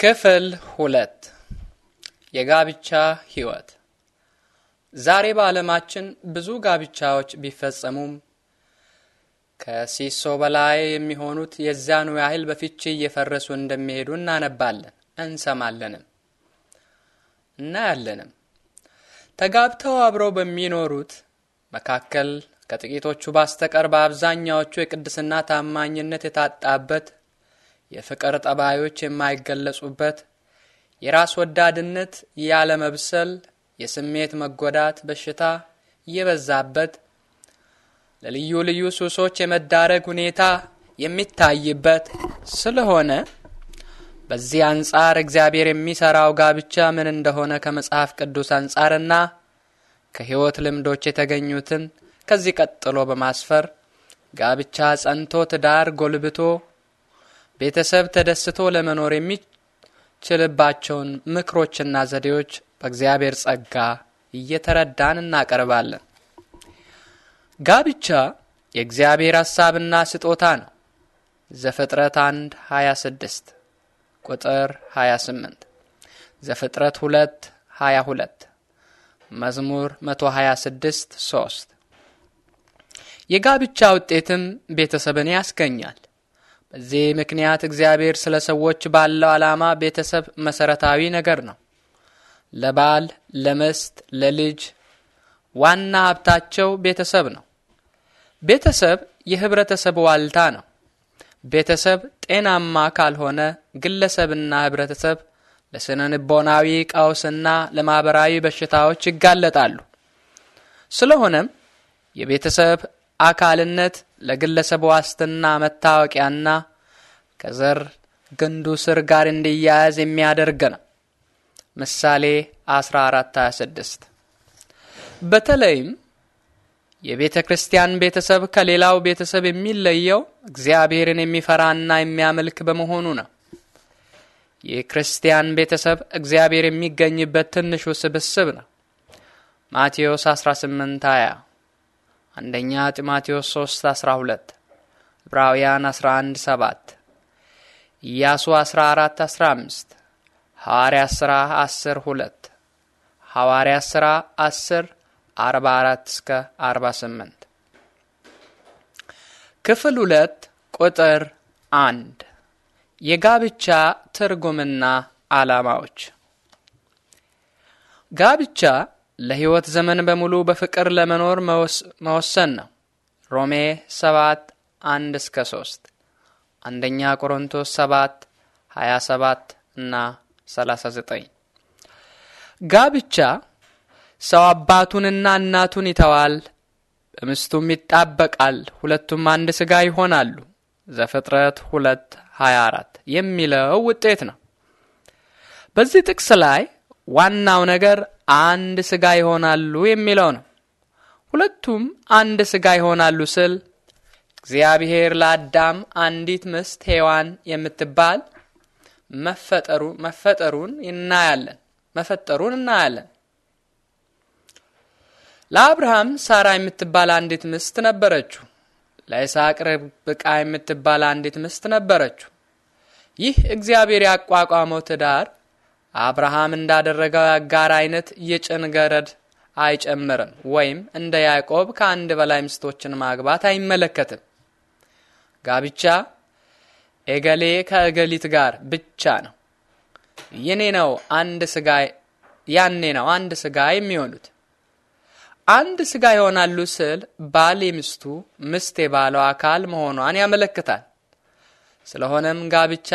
ክፍል ሁለት የጋብቻ ህይወት። ዛሬ በዓለማችን ብዙ ጋብቻዎች ቢፈጸሙም ከሲሶ በላይ የሚሆኑት የዚያኑ ያህል በፍቺ እየፈረሱ እንደሚሄዱ እናነባለን፣ እንሰማለንም፣ እናያለንም። ተጋብተው አብረው በሚኖሩት መካከል ከጥቂቶቹ በስተቀር በአብዛኛዎቹ የቅድስና ታማኝነት የታጣበት የፍቅር ጠባዮች የማይገለጹበት የራስ ወዳድነት ያለመብሰል፣ የስሜት መጎዳት በሽታ የበዛበት ለልዩ ልዩ ሱሶች የመዳረግ ሁኔታ የሚታይበት ስለሆነ በዚህ አንጻር እግዚአብሔር የሚሰራው ጋብቻ ምን እንደሆነ ከመጽሐፍ ቅዱስ አንጻርና ከሕይወት ልምዶች የተገኙትን ከዚህ ቀጥሎ በማስፈር ጋብቻ ጸንቶ ትዳር ጎልብቶ ቤተሰብ ተደስቶ ለመኖር የሚችልባቸውን ምክሮችና ዘዴዎች በእግዚአብሔር ጸጋ እየተረዳን እናቀርባለን። ጋብቻ የእግዚአብሔር ሐሳብና ስጦታ ነው። ዘፍጥረት 1 26 ቁጥር 28 ዘፍጥረት 2 22 መዝሙር 126 3 የጋብቻ ውጤትም ቤተሰብን ያስገኛል። በዚህ ምክንያት እግዚአብሔር ስለ ሰዎች ባለው ዓላማ ቤተሰብ መሰረታዊ ነገር ነው። ለባል፣ ለመስት ለልጅ ዋና ሀብታቸው ቤተሰብ ነው። ቤተሰብ የህብረተሰብ ዋልታ ነው። ቤተሰብ ጤናማ ካልሆነ ግለሰብና ህብረተሰብ ለስነ ልቦናዊ ቀውስና ለማህበራዊ በሽታዎች ይጋለጣሉ። ስለሆነም የቤተሰብ አካልነት ለግለሰብ ዋስትና መታወቂያና ከዘር ግንዱ ስር ጋር እንዲያያዝ የሚያደርግ ነው። ምሳሌ 1426 በተለይም የቤተ ክርስቲያን ቤተሰብ ከሌላው ቤተሰብ የሚለየው እግዚአብሔርን የሚፈራና የሚያመልክ በመሆኑ ነው። የክርስቲያን ቤተሰብ እግዚአብሔር የሚገኝበት ትንሹ ስብስብ ነው። ማቴዎስ 18 20 አንደኛ ጢሞቴዎስ 3 12 ዕብራውያን 11 7 ኢያሱ 14 15 ሐዋርያ ሥራ 10 2 ሐዋርያ ሥራ 10 44 እስከ 48 ክፍል 2 ቁጥር 1 የጋብቻ ትርጉምና ዓላማዎች ጋብቻ ለህይወት ዘመን በሙሉ በፍቅር ለመኖር መወሰን ነው። ሮሜ 7 1 እስከ 3 አንደኛ ቆሮንቶስ 7 27 እና 39 ጋብቻ ሰው አባቱንና እናቱን ይተዋል፣ በምስቱም ይጣበቃል፣ ሁለቱም አንድ ሥጋ ይሆናሉ ዘፍጥረት 2 24 የሚለው ውጤት ነው። በዚህ ጥቅስ ላይ ዋናው ነገር አንድ ስጋ ይሆናሉ የሚለው ነው። ሁለቱም አንድ ስጋ ይሆናሉ ስል እግዚአብሔር ለአዳም አንዲት ምስት ሔዋን የምትባል መፈጠሩ መፈጠሩን እናያለን መፈጠሩን እናያለን። ለአብርሃም ሳራ የምትባል አንዲት ምስት ነበረችው። ለይስሐቅ ርብቃ የምትባል አንዲት ምስት ነበረችው። ይህ እግዚአብሔር ያቋቋመው ትዳር አብርሃም እንዳደረገው የአጋር አይነት የጭን ገረድ አይጨምርም ወይም እንደ ያዕቆብ ከአንድ በላይ ሚስቶችን ማግባት አይመለከትም። ጋብቻ ኤገሌ ከእገሊት ጋር ብቻ ነው። ነው አንድ ስጋ ያኔ ነው አንድ ስጋ የሚሆኑት። አንድ ስጋ ይሆናሉ ስል ባል የሚስቱ ምስት የባለው አካል መሆኗን ያመለክታል። ስለሆነም ጋብቻ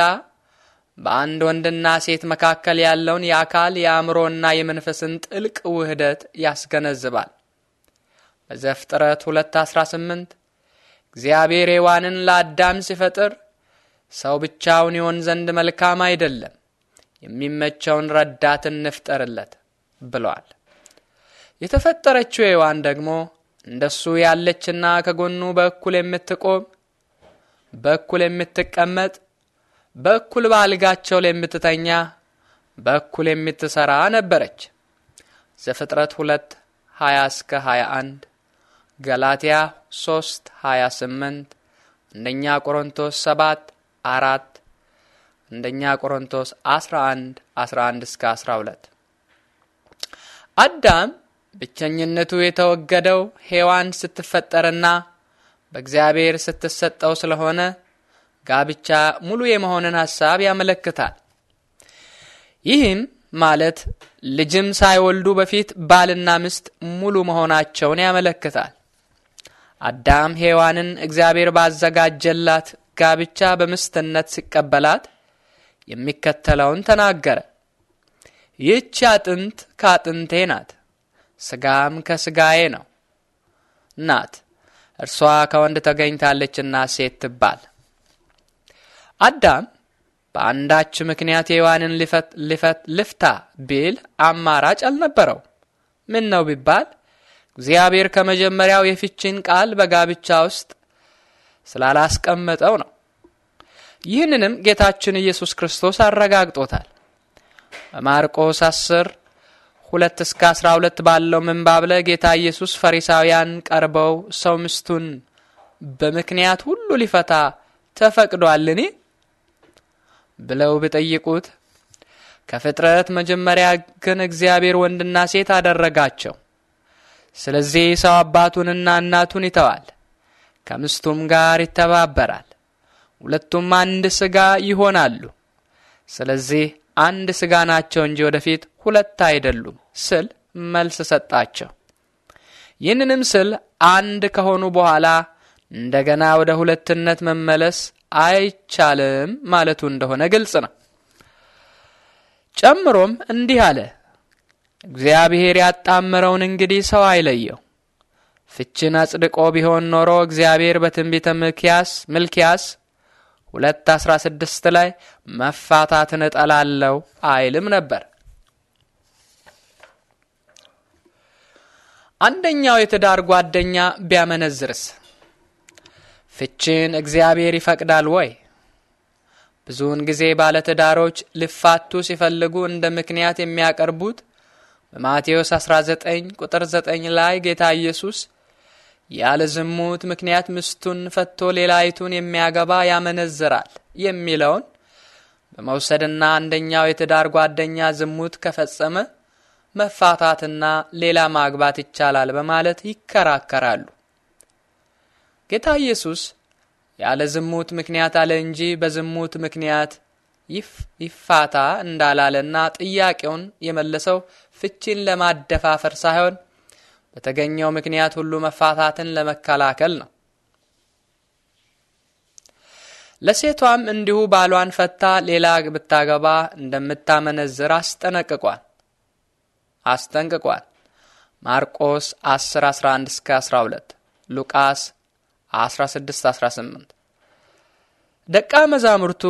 በአንድ ወንድና ሴት መካከል ያለውን የአካል የአእምሮና የመንፈስን ጥልቅ ውህደት ያስገነዝባል። በዘፍጥረት 2:18 እግዚአብሔር ሔዋንን ለአዳም ሲፈጥር ሰው ብቻውን ይሆን ዘንድ መልካም አይደለም፣ የሚመቸውን ረዳት እንፍጠርለት ብሏል። የተፈጠረችው ሔዋን ደግሞ እንደሱ ያለችና ከጎኑ በእኩል የምትቆም በእኩል የምትቀመጥ በኩል በአልጋቸው የምትተኛ በኩል የምትሰራ ነበረች። ዘፍጥረት 2 20 እስከ 21 ገላትያ 3 28 አንደኛ ቆሮንቶስ 7 4 አንደኛ ቆሮንቶስ 11 11 እስከ 12 አዳም ብቸኝነቱ የተወገደው ሔዋን ስትፈጠርና በእግዚአብሔር ስትሰጠው ስለሆነ ጋብቻ ሙሉ የመሆንን ሐሳብ ያመለክታል። ይህም ማለት ልጅም ሳይወልዱ በፊት ባልና ሚስት ሙሉ መሆናቸውን ያመለክታል። አዳም ሔዋንን እግዚአብሔር ባዘጋጀላት ጋብቻ በምስትነት ሲቀበላት የሚከተለውን ተናገረ። ይህች አጥንት ከአጥንቴ ናት፣ ስጋም ከስጋዬ ነው ናት። እርሷ ከወንድ ተገኝታለችና ሴት ትባል። አዳም በአንዳች ምክንያት ሔዋንን ልፈት ልፍታ ቢል አማራጭ አልነበረው። ምን ነው ቢባል እግዚአብሔር ከመጀመሪያው የፍቺን ቃል በጋብቻ ውስጥ ስላላስቀመጠው ነው። ይህንንም ጌታችን ኢየሱስ ክርስቶስ አረጋግጦታል። በማርቆስ 10 ሁለት እስከ 12 ባለው ምንባብ ላይ ጌታ ኢየሱስ ፈሪሳውያን ቀርበው ሰው ሚስቱን በምክንያት ሁሉ ሊፈታ ተፈቅዷልን? ብለው ቢጠይቁት ከፍጥረት መጀመሪያ ግን እግዚአብሔር ወንድና ሴት አደረጋቸው። ስለዚህ ሰው አባቱንና እናቱን ይተዋል፣ ከምስቱም ጋር ይተባበራል፣ ሁለቱም አንድ ሥጋ ይሆናሉ። ስለዚህ አንድ ሥጋ ናቸው እንጂ ወደፊት ሁለት አይደሉም ስል መልስ ሰጣቸው። ይህንንም ስል አንድ ከሆኑ በኋላ እንደገና ወደ ሁለትነት መመለስ አይቻልም ማለቱ እንደሆነ ግልጽ ነው። ጨምሮም እንዲህ አለ፣ እግዚአብሔር ያጣመረውን እንግዲህ ሰው አይለየው። ፍችን አጽድቆ ቢሆን ኖሮ እግዚአብሔር በትንቢተ ምልኪያስ ምልኪያስ ሁለት አስራ ስድስት ላይ መፋታትን እጠላለው አይልም ነበር። አንደኛው የትዳር ጓደኛ ቢያመነዝርስ ፍችን እግዚአብሔር ይፈቅዳል ወይ? ብዙውን ጊዜ ባለትዳሮች ሊፋቱ ሲፈልጉ እንደ ምክንያት የሚያቀርቡት በማቴዎስ 19 ቁጥር 9 ላይ ጌታ ኢየሱስ ያለ ዝሙት ምክንያት ምስቱን ፈቶ ሌላይቱን የሚያገባ ያመነዝራል የሚለውን በመውሰድና አንደኛው የትዳር ጓደኛ ዝሙት ከፈጸመ መፋታትና ሌላ ማግባት ይቻላል በማለት ይከራከራሉ። ጌታ ኢየሱስ ያለ ዝሙት ምክንያት አለ እንጂ በዝሙት ምክንያት ይፋታ እንዳላለና ጥያቄውን የመለሰው ፍቺን ለማደፋፈር ሳይሆን በተገኘው ምክንያት ሁሉ መፋታትን ለመከላከል ነው። ለሴቷም እንዲሁ ባሏን ፈታ ሌላ ብታገባ እንደምታመነዝር አስጠነቅቋል አስጠንቅቋል። ማርቆስ 10 11 እስከ 12 ሉቃስ 1618 ደቃ ደቀ መዛሙርቱ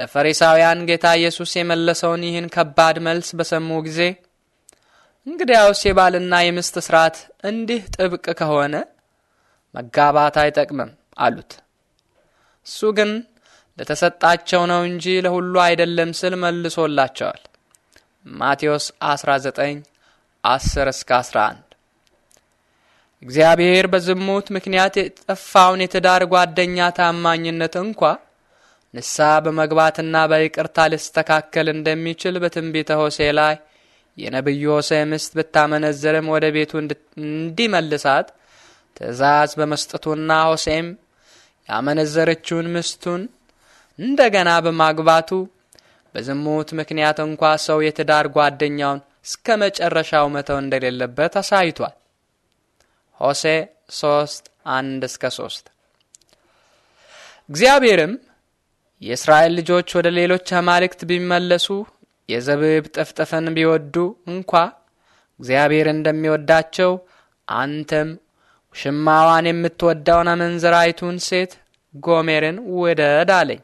ለፈሪሳውያን ጌታ ኢየሱስ የመለሰውን ይህን ከባድ መልስ በሰሙ ጊዜ እንግዲያውስ የባልና የምስት ስርዓት እንዲህ ጥብቅ ከሆነ መጋባት አይጠቅምም አሉት። እሱ ግን ለተሰጣቸው ነው እንጂ ለሁሉ አይደለም ስል መልሶላቸዋል። ማቴዎስ 19 10 እስከ 11 እግዚአብሔር በዝሙት ምክንያት የጠፋውን የትዳር ጓደኛ ታማኝነት እንኳ ንስሐ በመግባትና በይቅርታ ሊስተካከል እንደሚችል በትንቢተ ሆሴ ላይ የነቢዩ ሆሴ ምስት ብታመነዝርም ወደ ቤቱ እንዲመልሳት ትእዛዝ በመስጠቱና ሆሴም ያመነዘረችውን ምስቱን እንደገና በማግባቱ በዝሙት ምክንያት እንኳ ሰው የትዳር ጓደኛውን እስከ መጨረሻው መተው እንደሌለበት አሳይቷል። ሆሴ 3 1 እስከ 3 እግዚአብሔርም የእስራኤል ልጆች ወደ ሌሎች አማልክት ቢመለሱ የዘብብ ጠፍጠፈን ቢወዱ እንኳ እግዚአብሔር እንደሚወዳቸው አንተም ውሽማዋን የምትወዳውን አመንዝራይቱን ሴት ጎሜርን ውደድ አለኝ።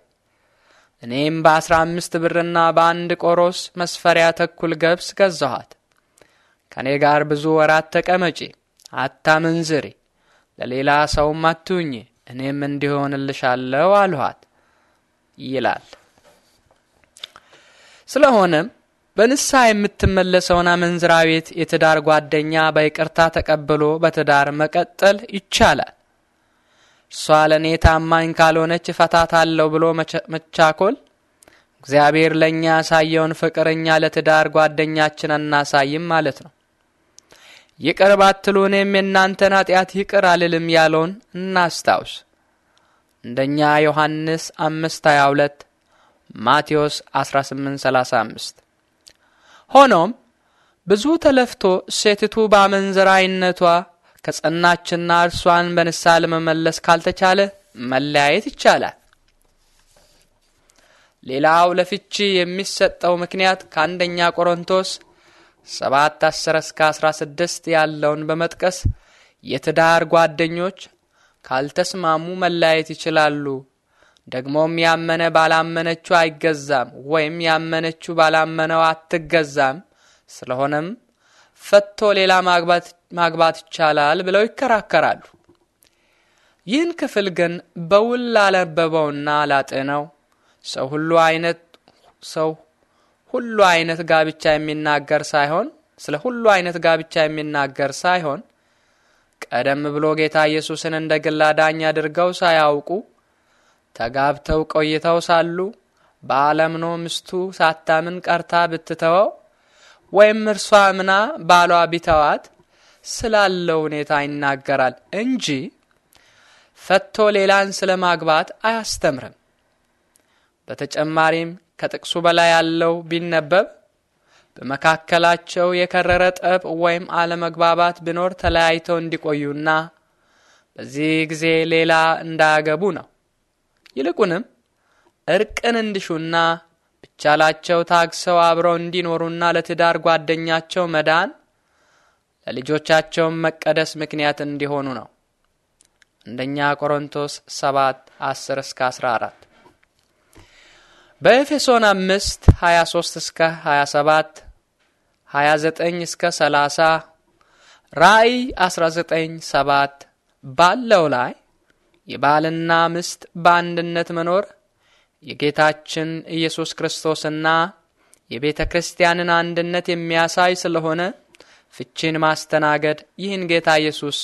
እኔም በአስራ አምስት ብርና በአንድ ቆሮስ መስፈሪያ ተኩል ገብስ ገዛኋት። ከእኔ ጋር ብዙ ወራት ተቀመጪ አታመንዝሪ፣ ለሌላ ሰውም አትሁኚ፣ እኔም እንዲሆንልሻለሁ አልኋት ይላል። ስለሆነም በንስሐ የምትመለሰውን አመንዝራ ቤት የትዳር ጓደኛ በይቅርታ ተቀብሎ በትዳር መቀጠል ይቻላል። እርሷ ለእኔ ታማኝ ካልሆነች እፈታታለሁ ብሎ መቻኮል እግዚአብሔር ለእኛ ያሳየውን ፍቅር እኛ ለትዳር ጓደኛችን አናሳይም ማለት ነው። ይቅር ባትሉ እኔም የእናንተን ኃጢአት ይቅር አልልም ያለውን እናስታውስ። እንደኛ ዮሐንስ አምስት ሀያ ሁለት ማቴዎስ አስራ ስምንት ሰላሳ አምስት ሆኖም ብዙ ተለፍቶ ሴትቱ በአመንዝራይነቷ ከጸናችና እርሷን በንሳ ለመመለስ ካልተቻለ መለያየት ይቻላል። ሌላው ለፍቺ የሚሰጠው ምክንያት ከአንደኛ ቆሮንቶስ ሰባት አስር እስከ አስራ ስድስት ያለውን በመጥቀስ የትዳር ጓደኞች ካልተስማሙ መለያየት ይችላሉ። ደግሞም ያመነ ባላመነችው አይገዛም ወይም ያመነችው ባላመነው አትገዛም። ስለሆነም ፈቶ ሌላ ማግባት ይቻላል ብለው ይከራከራሉ። ይህን ክፍል ግን በውል ላነበበውና ላጤነው ሰው ሁሉ አይነት ሰው ሁሉ አይነት ጋብቻ የሚናገር ሳይሆን ስለ ሁሉ አይነት ጋብቻ የሚናገር ሳይሆን ቀደም ብሎ ጌታ ኢየሱስን እንደ ግላ ዳኝ አድርገው ሳያውቁ ተጋብተው ቆይተው ሳሉ በዓለምኖ ሚስቱ ሳታምን ቀርታ ብትተወው ወይም እርሷ አምና ባሏ ቢተዋት ስላለው ሁኔታ ይናገራል እንጂ ፈቶ ሌላን ስለ ማግባት አያስተምርም። በተጨማሪም ከጥቅሱ በላይ ያለው ቢነበብ በመካከላቸው የከረረ ጠብ ወይም አለመግባባት ቢኖር ተለያይተው እንዲቆዩና በዚህ ጊዜ ሌላ እንዳያገቡ ነው። ይልቁንም እርቅን እንዲሹና ብቻላቸው ታግሰው አብረው እንዲኖሩና ለትዳር ጓደኛቸው መዳን ለልጆቻቸውም መቀደስ ምክንያት እንዲሆኑ ነው። አንደኛ ቆሮንቶስ 7 10 እስከ 14 በኤፌሶን አምስት 23 እስከ 27 29 እስከ 30 ራእይ 19 7 ባለው ላይ የባልና ምስት በአንድነት መኖር የጌታችን ኢየሱስ ክርስቶስና የቤተ ክርስቲያንን አንድነት የሚያሳይ ስለሆነ ፍቺን ማስተናገድ ይህን ጌታ ኢየሱስ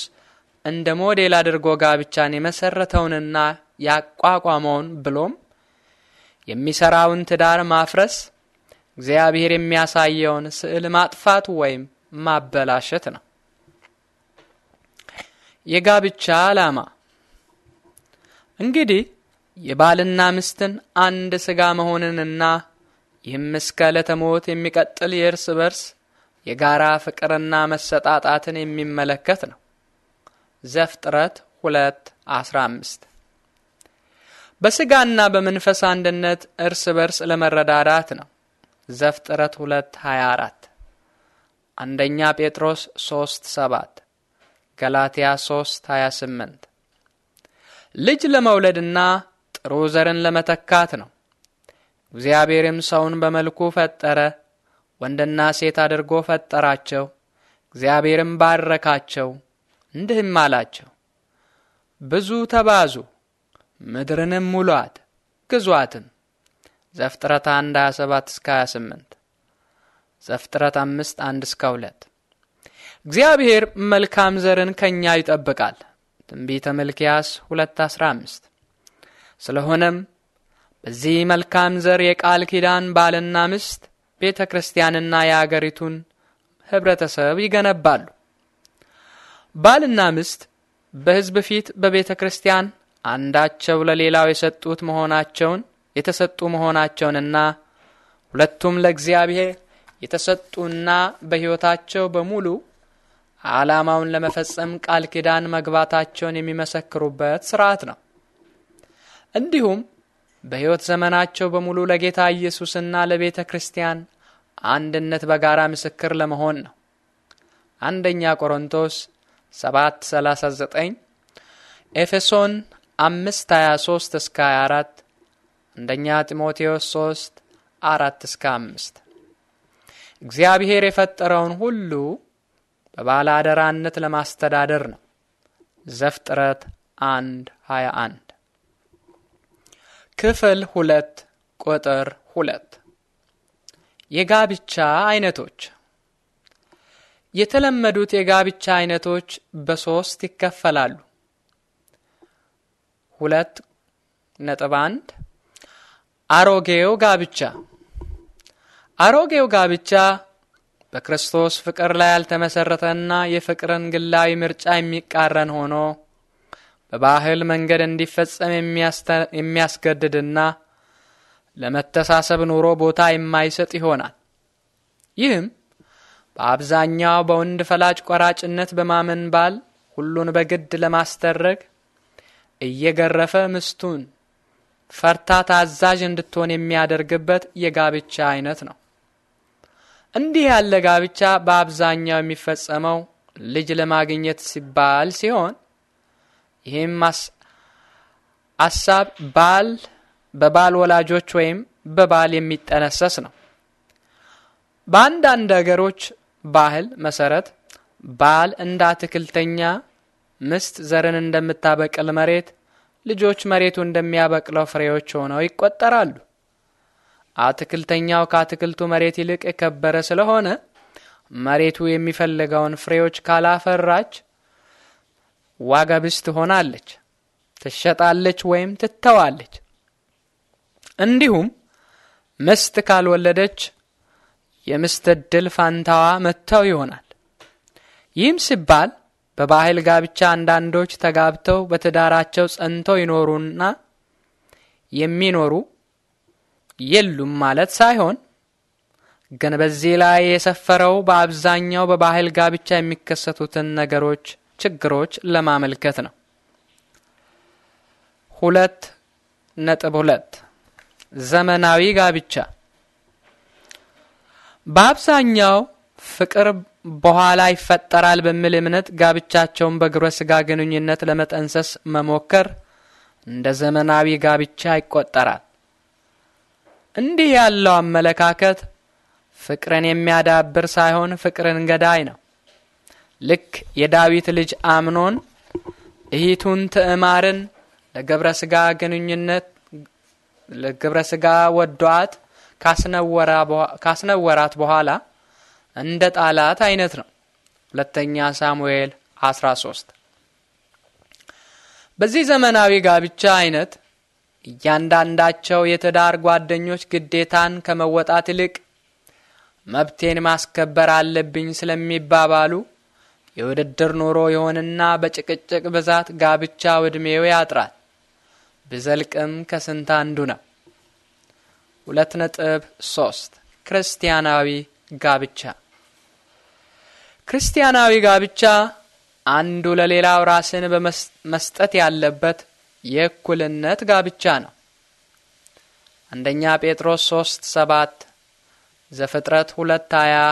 እንደ ሞዴል አድርጎ ጋብቻን የመሰረተውንና ያቋቋመውን ብሎም የሚሰራውን ትዳር ማፍረስ እግዚአብሔር የሚያሳየውን ስዕል ማጥፋት ወይም ማበላሸት ነው። የጋብቻ ዓላማ እንግዲህ የባልና ምስትን አንድ ሥጋ መሆንንና ይህም እስከ ዕለተ ሞት የሚቀጥል የእርስ በርስ የጋራ ፍቅርና መሰጣጣትን የሚመለከት ነው። ዘፍጥረት ሁለት አስራ አምስት በስጋና በመንፈስ አንድነት እርስ በርስ ለመረዳዳት ነው። ዘፍጥረት 2:24 አንደኛ ጴጥሮስ 3:7 ገላትያ 28 ልጅ ለመውለድና ጥሩ ዘርን ለመተካት ነው። እግዚአብሔርም ሰውን በመልኩ ፈጠረ፣ ወንድና ሴት አድርጎ ፈጠራቸው። እግዚአብሔርም ባረካቸው፣ እንዲህም አላቸው ብዙ ተባዙ ምድርንም ሙሏት ግዟትም። ዘፍጥረት 1 27 እስከ 28 ዘፍጥረት 5 1 እስከ 2 እግዚአብሔር መልካም ዘርን ከእኛ ይጠብቃል። ትንቢተ መልኪያስ 2 15 ስለሆነም በዚህ መልካም ዘር የቃል ኪዳን ባልና ሚስት ቤተ ክርስቲያንና የአገሪቱን ህብረተሰብ ይገነባሉ። ባልና ሚስት በሕዝብ ፊት በቤተ ክርስቲያን አንዳቸው ለሌላው የሰጡት መሆናቸውን የተሰጡ መሆናቸውንና ሁለቱም ለእግዚአብሔር የተሰጡና በሕይወታቸው በሙሉ ዓላማውን ለመፈጸም ቃል ኪዳን መግባታቸውን የሚመሰክሩበት ስርዓት ነው። እንዲሁም በሕይወት ዘመናቸው በሙሉ ለጌታ ኢየሱስና ለቤተ ክርስቲያን አንድነት በጋራ ምስክር ለመሆን ነው። አንደኛ ቆሮንቶስ 7 39 ኤፌሶን አምስት ሀያ ሶስት እስከ ሀያ አራት አንደኛ ጢሞቴዎስ ሶስት አራት እስከ አምስት እግዚአብሔር የፈጠረውን ሁሉ በባለ አደራነት ለማስተዳደር ነው። ዘፍጥረት አንድ ሀያ አንድ ክፍል ሁለት ቁጥር ሁለት የጋብቻ አይነቶች የተለመዱት የጋብቻ አይነቶች በሶስት ይከፈላሉ። ሁለት ነጥብ አንድ አሮጌው ጋብቻ አሮጌው ጋብቻ በክርስቶስ ፍቅር ላይ ያልተመሰረተና የፍቅርን ግላዊ ምርጫ የሚቃረን ሆኖ በባህል መንገድ እንዲፈጸም የሚያስገድድና ለመተሳሰብ ኑሮ ቦታ የማይሰጥ ይሆናል። ይህም በአብዛኛው በወንድ ፈላጭ ቆራጭነት በማመን ባል ሁሉን በግድ ለማስደረግ እየገረፈ ምስቱን ፈርታ ታዛዥ እንድትሆን የሚያደርግበት የጋብቻ አይነት ነው። እንዲህ ያለ ጋብቻ በአብዛኛው የሚፈጸመው ልጅ ለማግኘት ሲባል ሲሆን ይህም አሳብ ባል በባል ወላጆች ወይም በባል የሚጠነሰስ ነው። በአንዳንድ አገሮች ባህል መሰረት ባል እንደ አትክልተኛ ምስት ዘርን እንደምታበቅል መሬት ልጆች መሬቱ እንደሚያበቅለው ፍሬዎች ሆነው ይቆጠራሉ። አትክልተኛው ከአትክልቱ መሬት ይልቅ የከበረ ስለሆነ መሬቱ የሚፈልገውን ፍሬዎች ካላፈራች ዋጋ ቢስ ትሆናለች፣ ትሸጣለች ወይም ትተዋለች። እንዲሁም ምስት ካልወለደች የምስት ዕድል ፋንታዋ መጥተው ይሆናል። ይህም ሲባል በባህል ጋብቻ አንዳንዶች ተጋብተው በትዳራቸው ጸንተው ይኖሩና የሚኖሩ የሉም ማለት ሳይሆን ግን በዚህ ላይ የሰፈረው በአብዛኛው በባህል ጋብቻ የሚከሰቱትን ነገሮች፣ ችግሮች ለማመልከት ነው። ሁለት ነጥብ ሁለት ዘመናዊ ጋብቻ በአብዛኛው ፍቅር በኋላ ይፈጠራል በሚል እምነት ጋብቻቸውን በግብረ ስጋ ግንኙነት ለመጠንሰስ መሞከር እንደ ዘመናዊ ጋብቻ ይቆጠራል። እንዲህ ያለው አመለካከት ፍቅርን የሚያዳብር ሳይሆን ፍቅርን ገዳይ ነው። ልክ የዳዊት ልጅ አምኖን እህቱን ትዕማርን ለግብረ ስጋ ግንኙነት ለግብረ ስጋ ወዷት ካስነወራት በኋላ እንደ ጣላት አይነት ነው። ሁለተኛ ሳሙኤል 13 በዚህ ዘመናዊ ጋብቻ አይነት እያንዳንዳቸው የትዳር ጓደኞች ግዴታን ከመወጣት ይልቅ መብቴን ማስከበር አለብኝ ስለሚባባሉ የውድድር ኑሮ የሆንና በጭቅጭቅ ብዛት ጋብቻ ዕድሜው ያጥራል። ብዘልቅም ከስንት አንዱ ነው። ሁለት ነጥብ ሶስት ክርስቲያናዊ ጋብቻ ክርስቲያናዊ ጋብቻ አንዱ ለሌላው ራስን በመስጠት ያለበት የእኩልነት ጋብቻ ነው። አንደኛ ጴጥሮስ 3 7 ዘፍጥረት 2 20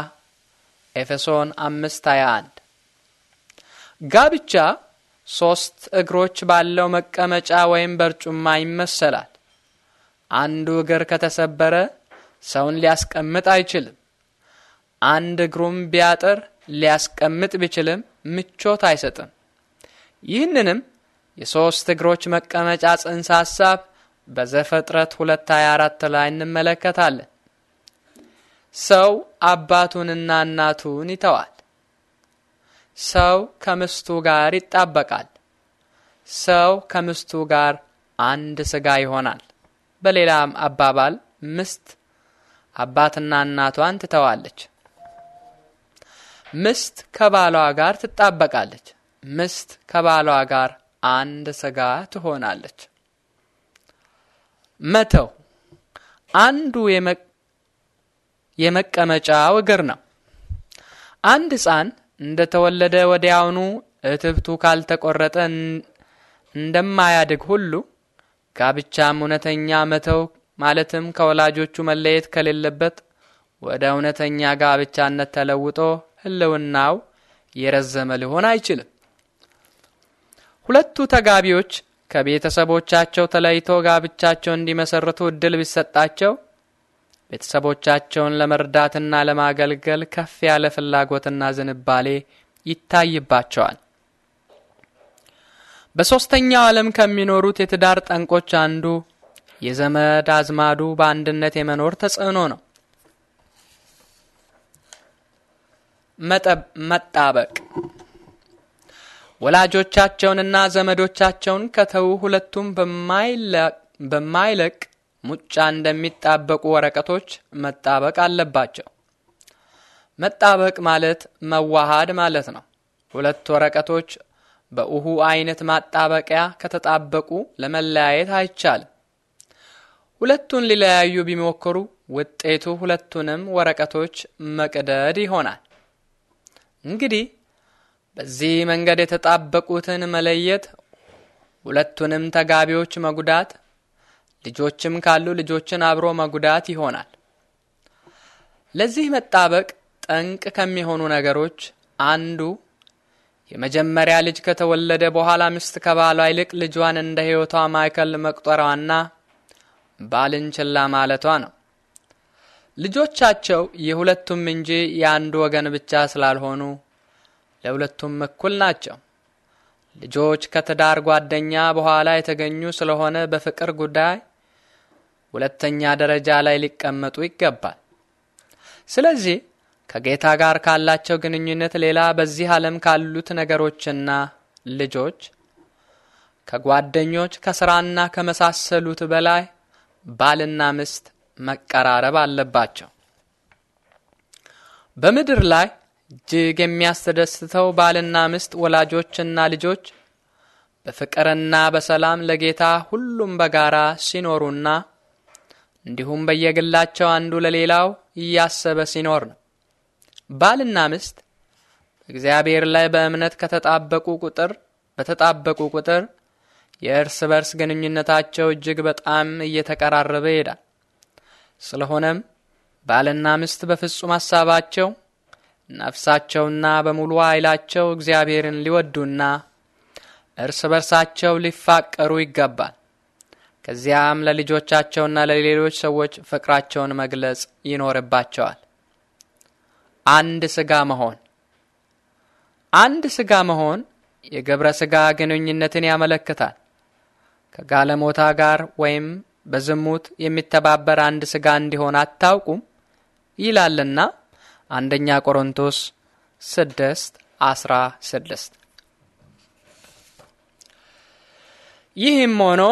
ኤፌሶን 5 21 ጋብቻ ሶስት እግሮች ባለው መቀመጫ ወይም በርጩማ ይመሰላል። አንዱ እግር ከተሰበረ ሰውን ሊያስቀምጥ አይችልም። አንድ እግሩም ቢያጥር ሊያስቀምጥ ቢችልም ምቾት አይሰጥም። ይህንንም የሦስት እግሮች መቀመጫ ጽንሰ ሐሳብ በዘፍጥረት 2፡24 ላይ እንመለከታለን። ሰው አባቱንና እናቱን ይተዋል። ሰው ከምስቱ ጋር ይጣበቃል። ሰው ከምስቱ ጋር አንድ ሥጋ ይሆናል። በሌላም አባባል ምስት አባትና እናቷን ትተዋለች። ሚስት ከባሏ ጋር ትጣበቃለች። ሚስት ከባሏ ጋር አንድ ስጋ ትሆናለች። መተው አንዱ የመቀመጫው እግር ነው። አንድ ሕፃን እንደተወለደ ወዲያውኑ እትብቱ ካልተቆረጠ እንደማያድግ ሁሉ ጋብቻም እውነተኛ መተው ማለትም ከወላጆቹ መለየት ከሌለበት ወደ እውነተኛ ጋብቻነት ተለውጦ ህልውናው የረዘመ ሊሆን አይችልም። ሁለቱ ተጋቢዎች ከቤተሰቦቻቸው ተለይቶ ጋብቻቸው እንዲመሰርቱ እድል ቢሰጣቸው ቤተሰቦቻቸውን ለመርዳትና ለማገልገል ከፍ ያለ ፍላጎትና ዝንባሌ ይታይባቸዋል። በሦስተኛው ዓለም ከሚኖሩት የትዳር ጠንቆች አንዱ የዘመድ አዝማዱ በአንድነት የመኖር ተጽዕኖ ነው። መጣበቅ ወላጆቻቸውንና ዘመዶቻቸውን ከተዉ ሁለቱም በማይለቅ ሙጫ እንደሚጣበቁ ወረቀቶች መጣበቅ አለባቸው። መጣበቅ ማለት መዋሃድ ማለት ነው። ሁለት ወረቀቶች በውሁ አይነት ማጣበቂያ ከተጣበቁ ለመለያየት አይቻልም። ሁለቱን ሊለያዩ ቢሞክሩ ውጤቱ ሁለቱንም ወረቀቶች መቅደድ ይሆናል። እንግዲህ በዚህ መንገድ የተጣበቁትን መለየት፣ ሁለቱንም ተጋቢዎች መጉዳት፣ ልጆችም ካሉ ልጆችን አብሮ መጉዳት ይሆናል። ለዚህ መጣበቅ ጠንቅ ከሚሆኑ ነገሮች አንዱ የመጀመሪያ ልጅ ከተወለደ በኋላ ሚስት ከባሏ ይልቅ ልጇን እንደ ሕይወቷ ማዕከል መቁጠሯና ባልን ችላ ማለቷ ነው። ልጆቻቸው የሁለቱም እንጂ የአንድ ወገን ብቻ ስላልሆኑ ለሁለቱም እኩል ናቸው። ልጆች ከትዳር ጓደኛ በኋላ የተገኙ ስለሆነ በፍቅር ጉዳይ ሁለተኛ ደረጃ ላይ ሊቀመጡ ይገባል። ስለዚህ ከጌታ ጋር ካላቸው ግንኙነት ሌላ በዚህ ዓለም ካሉት ነገሮችና ልጆች ከጓደኞች ከስራና ከመሳሰሉት በላይ ባልና ምስት መቀራረብ አለባቸው። በምድር ላይ እጅግ የሚያስደስተው ባልና ሚስት ወላጆችና ልጆች በፍቅርና በሰላም ለጌታ ሁሉም በጋራ ሲኖሩና እንዲሁም በየግላቸው አንዱ ለሌላው እያሰበ ሲኖር ነው። ባልና ሚስት በእግዚአብሔር ላይ በእምነት ከተጣበቁ ቁጥር በተጣበቁ ቁጥር የእርስ በርስ ግንኙነታቸው እጅግ በጣም እየተቀራረበ ይሄዳል። ስለሆነም ባልና ሚስት በፍጹም ሐሳባቸው ነፍሳቸውና በሙሉ ኃይላቸው እግዚአብሔርን ሊወዱና እርስ በርሳቸው ሊፋቀሩ ይገባል። ከዚያም ለልጆቻቸውና ለሌሎች ሰዎች ፍቅራቸውን መግለጽ ይኖርባቸዋል። አንድ ስጋ መሆን አንድ ስጋ መሆን የግብረ ስጋ ግንኙነትን ያመለክታል። ከጋለሞታ ጋር ወይም በዝሙት የሚተባበር አንድ ሥጋ እንዲሆን አታውቁም ይላልና አንደኛ ቆሮንቶስ ስድስት አስራ ስድስት ይህም ሆኖ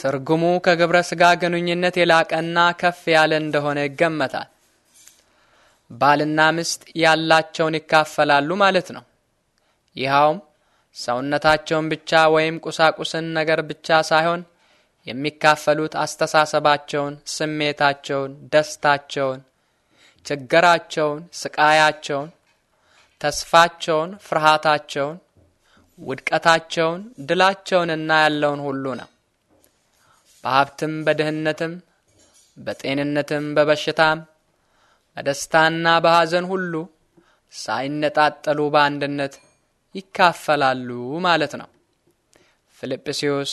ትርጉሙ ከግብረ ሥጋ ግንኙነት የላቀና ከፍ ያለ እንደሆነ ይገመታል። ባልና ሚስት ያላቸውን ይካፈላሉ ማለት ነው። ይኸውም ሰውነታቸውን ብቻ ወይም ቁሳቁስን ነገር ብቻ ሳይሆን የሚካፈሉት አስተሳሰባቸውን፣ ስሜታቸውን፣ ደስታቸውን፣ ችግራቸውን፣ ስቃያቸውን፣ ተስፋቸውን፣ ፍርሃታቸውን፣ ውድቀታቸውን፣ ድላቸውንና ያለውን ሁሉ ነው። በሀብትም በድህነትም በጤንነትም በበሽታም በደስታና በሐዘን ሁሉ ሳይነጣጠሉ በአንድነት ይካፈላሉ ማለት ነው። ፊልጵስዩስ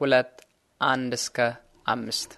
ሁለት አንድ እስከ አምስት